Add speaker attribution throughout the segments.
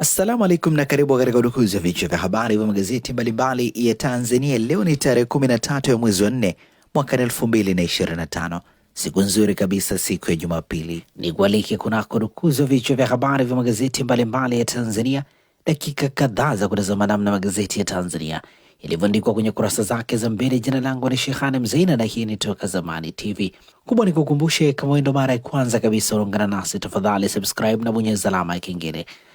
Speaker 1: Assalamu alaikum na karibu katika udukuzi ya vichwa vya habari vya magazeti mbalimbali ya Tanzania. Leo ni tarehe 13 ya mwezi wa 4 mwaka 2025, siku nzuri kabisa, siku ya Jumapili. Ni kualike kunako dukuzi ya vichwa vya habari vya magazeti mbalimbali ya Tanzania, dakika kadhaa za kutazama namna magazeti ya Tanzania ilivyoandikwa kwenye kurasa zake za mbele. Jina langu ni Shehani Mzaina na hii ni Toka Zamani TV. Kubwa ni kukumbushe, kama wewe ndo mara ya kwanza kabisa unaungana nasi, tafadhali subscribe na bonyeza alama ya kengele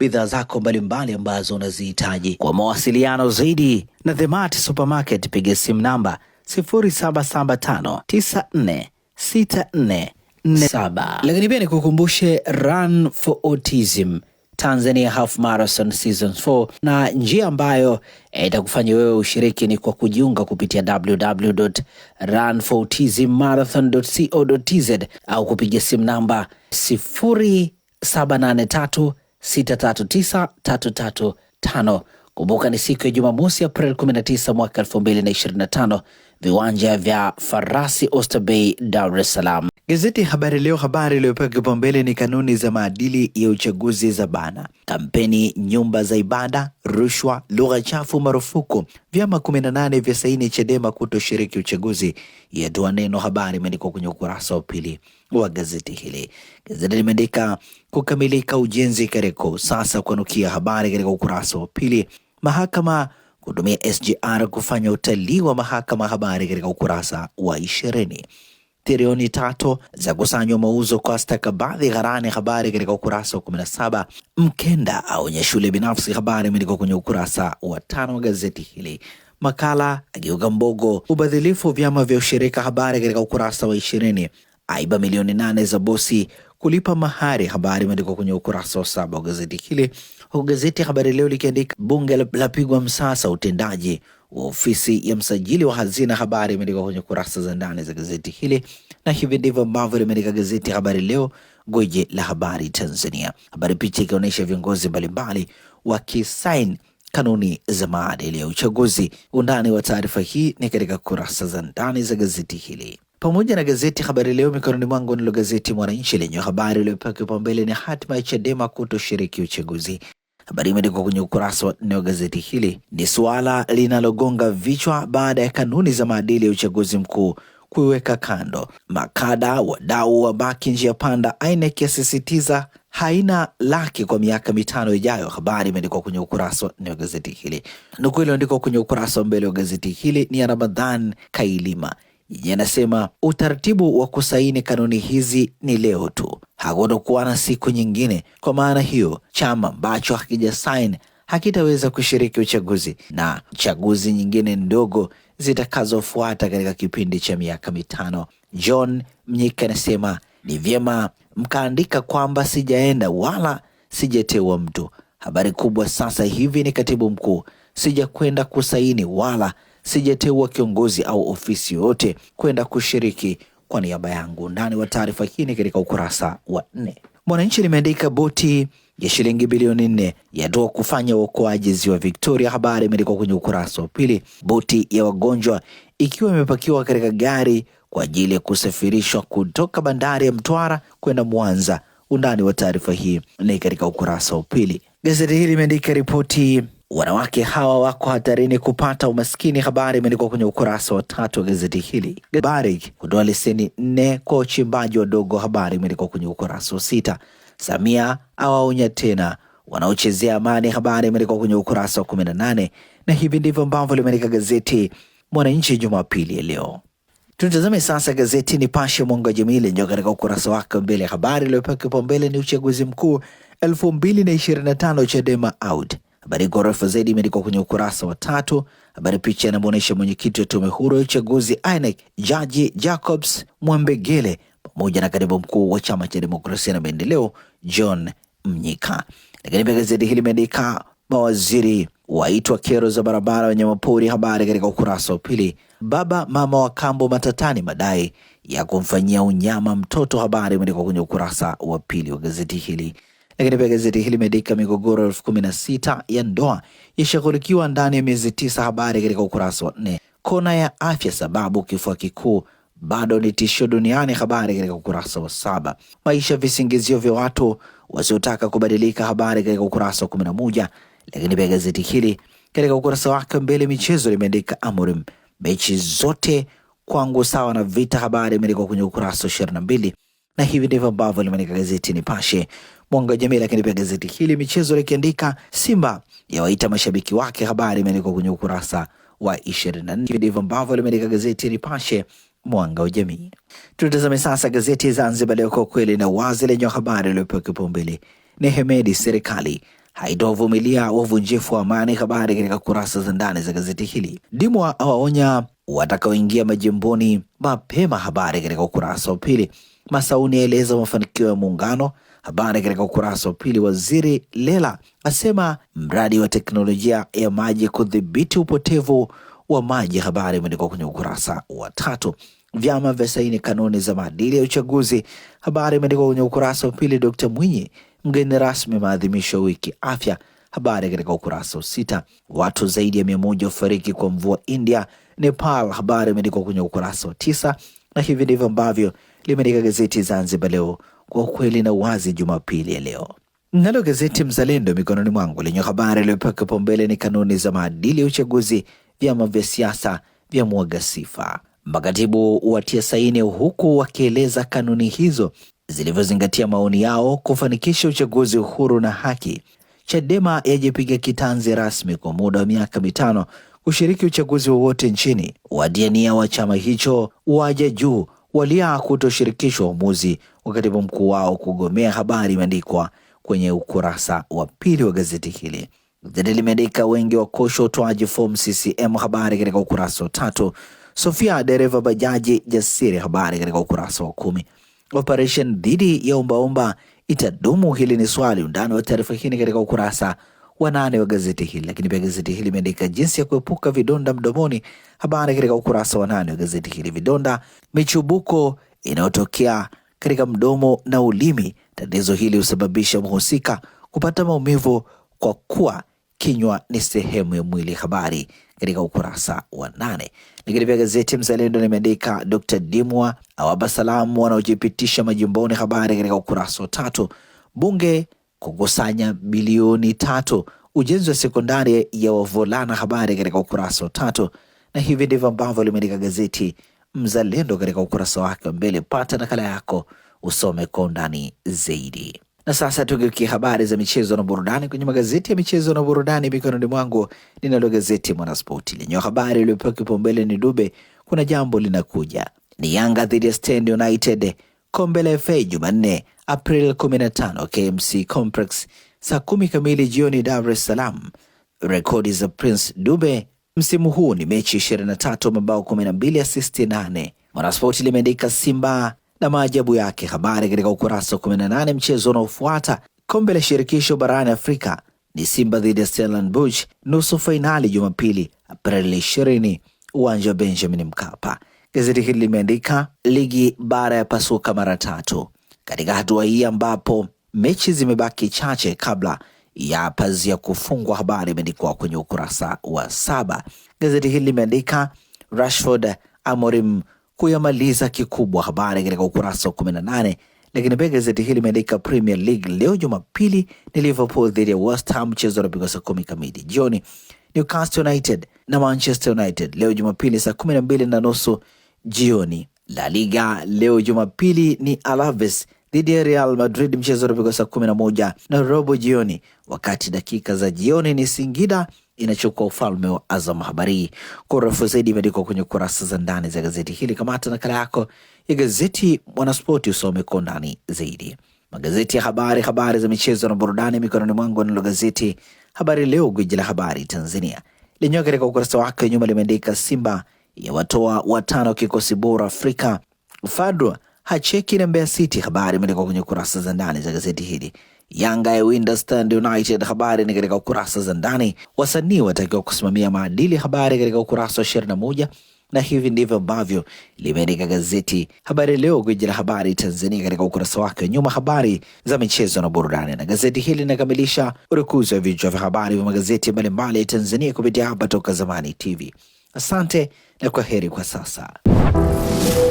Speaker 1: bidhaa zako mbalimbali ambazo unazihitaji. Kwa mawasiliano zaidi na The Mart Supermarket, piga simu namba 0775946447. Lakini pia nikukumbushe Run for Autism Tanzania Half Marathon Season 4 na njia ambayo eh, itakufanya wewe ushiriki ni kwa kujiunga kupitia www.runforautismmarathon.co.tz au kupiga simu namba 0783 639335. Kumbuka ni siku ya Jumamosi, April 19 mwaka 2025 viwanja vya farasi Oysterbay, Dar es Salaam. Gazeti Habari Leo, habari iliyopewa kipaumbele ni kanuni za maadili ya uchaguzi za bana, kampeni nyumba za ibada, rushwa, lugha chafu marufuku, vyama 18 vya saini Chadema kutoshiriki uchaguzi, yatoa neno. Habari imeandikwa kwenye ukurasa wa pili wa gazeti hili. Gazeti limeandika kukamilika ujenzi Kariakoo sasa kuanukia, habari katika ukurasa wa pili. Mahakama kutumia SGR kufanya utalii wa mahakama. Habari katika ukurasa wa ishirini. Trilioni tatu za kusanywa mauzo kwa stakabadhi gharani. Habari katika ukurasa wa 17. Mkenda aonye shule binafsi. Habari imeandikwa kwenye ukurasa wa tano wa gazeti hili. Makala ageuka mbogo ubadhilifu vyama vya ushirika. Habari katika ukurasa wa ishirini. Aiba milioni nane za bosi kulipa mahari. Habari imeandikwa kwenye ukurasa wa saba wa gazeti hili huku gazeti ya Habari Leo likiandika bunge lapigwa msasa utendaji wa ofisi ya msajili wa hazina. Habari imeandikwa kwenye kurasa za ndani za gazeti hili, na hivi ndivyo ambavyo limeandika gazeti ya Habari Leo, gwiji la habari Tanzania. Habari picha ikionyesha viongozi mbalimbali wakisaini kanuni za maadili ya uchaguzi. Undani wa taarifa hii ni katika kurasa za ndani za gazeti hili pamoja na gazeti Habari Leo mikononi mwangu. Nilo gazeti Mwananchi lenye habari iliyopewa kipaumbele ni hatima ya Chadema kutoshiriki uchaguzi. Habari imeandikwa kwenye ukurasa wa nne wa gazeti hili. Ni suala linalogonga vichwa baada ya kanuni za maadili ya uchaguzi mkuu kuiweka kando. Makada wadau wabaki njia panda, INEC yasisitiza haina laki kwa miaka mitano ijayo. Habari imeandikwa kwenye ukurasa wa nne wa gazeti hili. Nukuu iliyoandikwa kwenye ukurasa wa mbele wa gazeti hili ni ya Ramadhan Kailima yanasema utaratibu wa kusaini kanuni hizi ni leo tu, hakutokuwa na siku nyingine. Kwa maana hiyo, chama ambacho hakijasaini hakitaweza kushiriki uchaguzi na chaguzi nyingine ndogo zitakazofuata katika kipindi cha miaka mitano. John Mnyika anasema ni vyema mkaandika kwamba sijaenda wala sijateua mtu. Habari kubwa sasa hivi ni katibu mkuu, sijakwenda kusaini wala sijateua kiongozi au ofisi yoyote kwenda kushiriki kwa niaba yangu. Ndani wa taarifa hii ni katika ukurasa wa nne. Mwananchi limeandika boti ya shilingi bilioni nne yatoa kufanya uokoaji ziwa Victoria. Habari imeandikwa kwenye ukurasa wa pili. Boti ya wagonjwa ikiwa imepakiwa katika gari kwa ajili ya kusafirishwa kutoka bandari ya Mtwara kwenda Mwanza. Undani wa taarifa hii ni katika ukurasa wa pili. Gazeti hili limeandika ripoti Wanawake hawa wako hatarini kupata umaskini. Habari imeandikwa kwenye ukurasa wa tatu wa gazeti hili. Barrick kutoa leseni nne kwa uchimbaji wadogo. Habari imeandikwa kwenye ukurasa wa sita. Samia awaonya tena wanaochezea amani. Habari imeandikwa kwenye ukurasa wa kumi na nane na hivi ndivyo ambavyo limeandika gazeti Mwananchi Jumapili ya leo. Tutazame sasa gazeti Nipashe Mwanga wa Jamii lenyewe katika ukurasa wake mbele, habari iliyopewa kipaumbele ni uchaguzi mkuu elfu mbili na na ishirini 2025 Chadema out Habari gorofa zaidi imeandikwa kwenye ukurasa wa tatu. Habari picha inamwonyesha mwenyekiti wa tume huru ya uchaguzi INEC Jaji Jacobs Mwambegele pamoja na katibu mkuu wa chama cha demokrasia na maendeleo John Mnyika. Lakini pia gazeti hili limeandika mawaziri waitwa kero za barabara wanyamapori, habari katika ukurasa wa pili. Baba mama wa kambo matatani madai ya kumfanyia unyama mtoto, habari imeandikwa kwenye ukurasa wa pili wa gazeti hili. Lakini pia gazeti hili limeandika migogoro elfu kumi na sita ya ndoa yashughulikiwa ndani ya miezi tisa, habari katika ukurasa wa nne. Kona ya afya, sababu kifua kikuu bado ni tishio duniani, habari katika ukurasa wa saba. Maisha visingizio vya watu wasiotaka kubadilika, habari katika ukurasa wa kumi na moja. Lakini pia gazeti hili katika ukurasa wake mbele michezo limeandika Amorim mechi zote kwangu sawa na vita, habari imeandikwa kwenye ukurasa wa ishirini na mbili na hivi ndivyo ambavyo limeandika gazeti Nipashe mwanga wa jamii. Lakini pia gazeti hili michezo likiandika Simba yawaita mashabiki wake, habari imeandikwa kwenye ukurasa wa 24. Hivi ndivyo ambavyo limeandika gazeti Nipashe mwanga wa jamii. Tutazame sasa gazeti Zanzibar Leo, kwa kweli na wazi, lenye habari iliyopewa kipaumbele ni Hemedi, serikali haitovumilia wavunjifu wa amani. Habari katika kurasa za ndani za gazeti hili. Dimwa awaonya watakaoingia majimboni mapema, habari katika ukurasa wa pili. Masauni aeleza mafanikio ya muungano. Habari katika ukurasa wa pili. Waziri Lela asema mradi wa teknolojia ya maji kudhibiti upotevu wa maji. Habari imeandikwa kwenye ukurasa wa tatu. Vyama vya saini kanuni za maadili ya uchaguzi. Habari imeandikwa kwenye ukurasa wa pili. Dkt Mwinyi mgeni rasmi maadhimisho ya wiki afya. Habari katika ukurasa wa sita. Watu zaidi ya mia moja wafariki kwa mvua India, Nepal. Habari imeandikwa kwenye ukurasa wa tisa, na hivi ndivyo ambavyo limeandika gazeti Zanzibar Leo kwa ukweli na uwazi Jumapili ya leo. Nalo gazeti Mzalendo mikononi mwangu lenye habari iliyopewa kipaumbele ni kanuni za maadili ya uchaguzi, vyama vya siasa vya mwaga sifa, makatibu watia saini, huku wakieleza kanuni hizo zilivyozingatia maoni yao kufanikisha uchaguzi uhuru na haki. Chadema yajipiga kitanzi rasmi kwa muda wa miaka mitano kushiriki uchaguzi wowote nchini. Wadiania wa chama hicho waja juu walia kutoshirikishwa uamuzi wa katibu mkuu wao kugomea habari imeandikwa kwenye ukurasa wa pili wa gazeti hili. Gazeti limeandika wengi kosho utoaji fomu CCM, habari katika ukurasa wa tatu. Sofia dereva bajaji jasiri, habari katika ukurasa wa kumi. Operation dhidi ya ombaomba itadumu, hili ni swali. Undani wa taarifa hii katika ukurasa wa nane wa gazeti hili. Lakini pia gazeti hili imeandika jinsi ya kuepuka vidonda mdomoni, habari katika ukurasa wa nane wa gazeti hili. Vidonda, michubuko inayotokea katika mdomo na ulimi. Tatizo hili husababisha mhusika kupata maumivu kwa kuwa kinywa ni sehemu ya mwili, habari katika ukurasa wa nane. Lakini pia gazeti Mzalendo limeandika Dr. Dimwa awapa salamu wanaojipitisha majimboni, habari katika ukurasa wa tatu. Bunge kukusanya bilioni tatu ujenzi wa sekondari ya wavulana. Habari katika ukurasa wa tatu, na hivi ndivyo ambavyo limeandika gazeti Mzalendo katika ukurasa wake wa mbele. Pata nakala yako usome kwa undani zaidi. Na sasa tugeukie habari za michezo na burudani kwenye magazeti ya michezo na burudani. Mikononi mwangu ninalo gazeti Mwanaspoti lenye habari iliyopewa kipaumbele ni Dube, kuna jambo linakuja, ni Yanga dhidi ya Stand United Kombe la FA Jumanne April 15 KMC Complex saa kumi kamili jioni Dar es Salaam. Rekodi za Prince Dube msimu huu ni mechi 23, mabao 12, asisti 8. Mwanaspoti limeandika Simba na maajabu yake, habari katika ukurasa wa 18. Mchezo unaofuata kombe la shirikisho barani Afrika ni Simba dhidi ya Stellenbosch, nusu fainali Jumapili April 20, uwanja wa Benjamin Mkapa. Gazeti hili limeandika ligi bara ya pasuka mara tatu katika hatua hii ambapo mechi zimebaki chache kabla ya pazia kufungwa. Habari imeandikwa kwenye ukurasa wa saba. Gazeti hili limeandika Rashford, Amorim kuyamaliza kikubwa, habari katika ukurasa wa kumi na nane. Lakini pia gazeti hili limeandika Premier League leo Jumapili ni Liverpool dhidi ya West Ham, mchezo unapigwa saa kumi kamili jioni. Newcastle United na Manchester United leo Jumapili saa kumi na mbili na nusu jioni. La Liga leo Jumapili ni Alaves dhidi ya Real Madrid, mchezo unapigwa saa kumi na moja na robo jioni, wakati dakika za jioni ni Singida inachukua ufalme wa Azam. Habari kwa urefu zaidi imeandikwa kwenye kurasa za ndani za gazeti hili. Kamata nakala yako ya gazeti Mwanaspoti usome kwa undani zaidi magazeti ya habari, habari za michezo na burudani mikononi mwangu. Nalo gazeti Habari Leo, gwiji la habari Tanzania, lenyewe katika ukurasa wake nyuma limeandika Simba yawatoa watano wa kikosi bora Afrika. Fadwa hacheki na Mbeya City. Habari imeandikwa kwenye kurasa za ndani za gazeti hili. Yanga ya winda Stand United, habari ni katika ukurasa za ndani. Wasanii watakiwa kusimamia maadili, habari katika ukurasa wa ishirini na moja na hivi ndivyo ambavyo limeandika gazeti Habari Leo, gwiji la habari Tanzania, katika ukurasa wake wa nyuma, habari za michezo na burudani. Na gazeti hili linakamilisha urukuzi wa vichwa vya habari vya magazeti mbalimbali ya Tanzania kupitia hapa Toka Zamani TV. Asante. ya kwa heri a sasa.